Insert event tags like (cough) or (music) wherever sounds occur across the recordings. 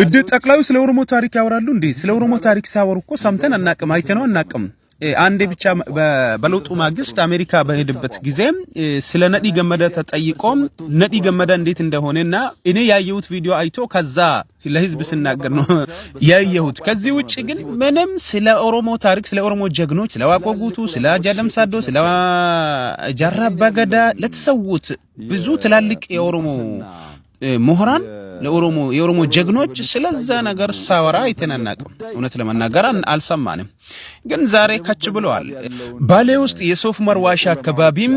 እድ ጠቅላዩ ስለ ኦሮሞ ታሪክ ያወራሉ እንዴ? ስለ ኦሮሞ ታሪክ ሲያወሩ እኮ ሰምተን አናቅም፣ አይተነው አናቅም። አንዴ ብቻ በለውጡ ማግስት አሜሪካ በሄድበት ጊዜ ስለ ነዲ ገመዳ ተጠይቆ ነዲ ገመዳ እንዴት እንደሆነና እኔ ያየሁት ቪዲዮ አይቶ ከዛ ለህዝብ ስናገር ነው (laughs) ያየሁት። ከዚህ ውጭ ግን ምንም ስለ ኦሮሞ ታሪክ፣ ስለ ኦሮሞ ጀግኖች፣ ስለ ዋቆ ጉቱ፣ ስለ ጃ ሳዶ፣ ስለ ጃራ አባ ለተሰዉት ብዙ ትላልቅ የኦሮሞ ምሁራን ለኦሮሞ የኦሮሞ ጀግኖች ስለዛ ነገር ሳወራ አይተናናቅም። እውነት ለመናገር አልሰማንም፣ ግን ዛሬ ከች ብለዋል። ባሌ ውስጥ የሶፍ መርዋሻ አካባቢም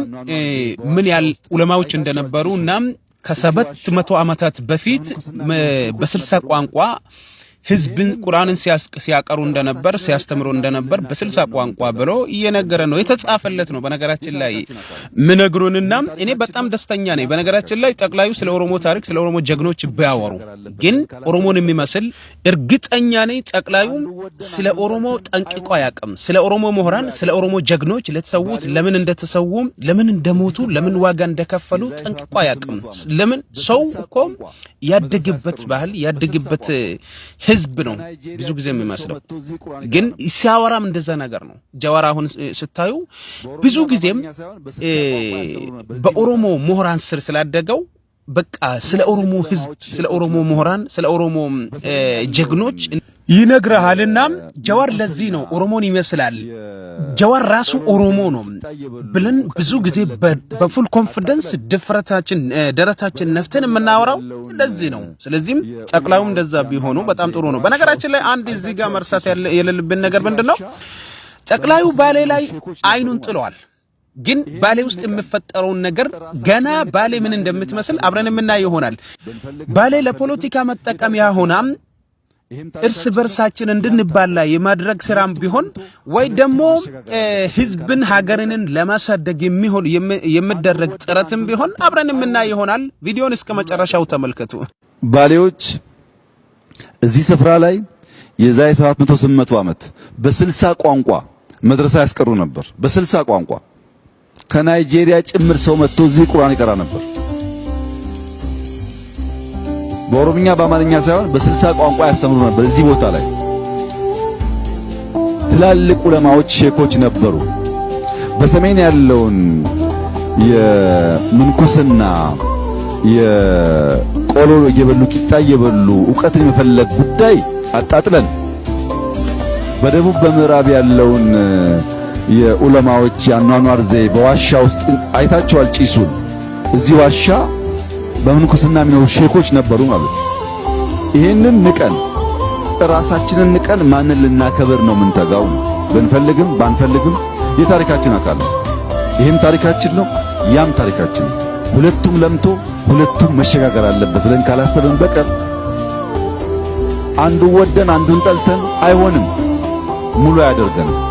ምን ያህል ዑለማዎች እንደነበሩ እናም ከሰባት መቶ ዓመታት በፊት በስልሳ ቋንቋ ህዝብን ቁርአንን ሲያቀሩ እንደነበር ሲያስተምሩ እንደነበር በስልሳ ቋንቋ ብሎ እየነገረ ነው። የተጻፈለት ነው። በነገራችን ላይ ምነግሩንና እኔ በጣም ደስተኛ ነኝ። በነገራችን ላይ ጠቅላዩ ስለ ኦሮሞ ታሪክ ስለ ኦሮሞ ጀግኖች ቢያወሩ ግን ኦሮሞን የሚመስል እርግጠኛ ነኝ ጠቅላዩ ስለ ኦሮሞ ጠንቅቆ አያውቅም። ስለ ኦሮሞ ምሁራን፣ ስለ ኦሮሞ ጀግኖች ለተሰዉት ለምን እንደተሰዉ፣ ለምን እንደሞቱ፣ ለምን ዋጋ እንደከፈሉ ጠንቅቆ አያውቅም። ለምን ሰው እኮ ያደግበት ባህል ያደግበት ህዝብ ነው ብዙ ጊዜ የሚመስለው። ግን ሲያወራም እንደዛ ነገር ነው። ጀዋር አሁን ስታዩ ብዙ ጊዜም በኦሮሞ ምሁራን ስር ስላደገው በቃ ስለ ኦሮሞ ህዝብ፣ ስለ ኦሮሞ ምሁራን፣ ስለ ኦሮሞ ጀግኖች ይነግረሃልና ጀዋር ለዚህ ነው ኦሮሞን ይመስላል ጀዋር ራሱ ኦሮሞ ነው ብለን ብዙ ጊዜ በፉል ኮንፊደንስ ድፍረታችን ደረታችን ነፍተን የምናወራው ለዚህ ነው። ስለዚህም ጠቅላዩም እንደዛ ቢሆኑ በጣም ጥሩ ነው። በነገራችን ላይ አንድ እዚህ ጋር መርሳት የሌለብን ነገር ምንድን ነው? ጠቅላዩ ባሌ ላይ አይኑን ጥለዋል። ግን ባሌ ውስጥ የምፈጠረውን ነገር ገና ባሌ ምን እንደምትመስል አብረን የምናይ ይሆናል። ባሌ ለፖለቲካ መጠቀሚያ ሆናም እርስ በርሳችን እንድንባላ የማድረግ ስራም ቢሆን ወይ ደግሞ ህዝብን ሀገርንን ለማሳደግ የሚሆን የሚደረግ ጥረትም ቢሆን አብረን የምናይ ይሆናል። ቪዲዮን እስከ መጨረሻው ተመልከቱ። ባሌዎች እዚህ ስፍራ ላይ የዛሬ 780 ዓመት በስልሳ ቋንቋ መድረሳ ያስቀሩ ነበር። በስልሳ ቋንቋ ከናይጄሪያ ጭምር ሰው መጥቶ እዚህ ቁርአን ይቀራ ነበር። በኦሮምኛ በአማርኛ ሳይሆን በስልሳ ቋንቋ ነበር። በዚህ ቦታ ላይ ትላልቅ ዑለማዎች ሼኮች ነበሩ። በሰሜን ያለውን የምንኩስና የቆሎ እየበሉ ቂጣ እየበሉ እውቀትን የመፈለግ ጉዳይ አጣጥለን በደቡብ በምዕራብ ያለውን የዑለማዎች የአኗኗር ዘይ በዋሻ ውስጥ አይታቸዋል ጭሱን እዚህ ዋሻ በምንኩስና የሚኖሩ ሼኮች ነበሩ ማለት። ይሄንን ንቀን ራሳችንን ንቀን ማንን ልናከብር ነው የምንተጋው? ብንፈልግም ባንፈልግም የታሪካችን አካል ነው። ይሄም ታሪካችን ነው፣ ያም ታሪካችን ነው። ሁለቱም ለምቶ ሁለቱም መሸጋገር አለበት ብለን ካላሰብን በቀር አንዱን ወደን አንዱን ጠልተን አይሆንም፣ ሙሉ አያደርገንም።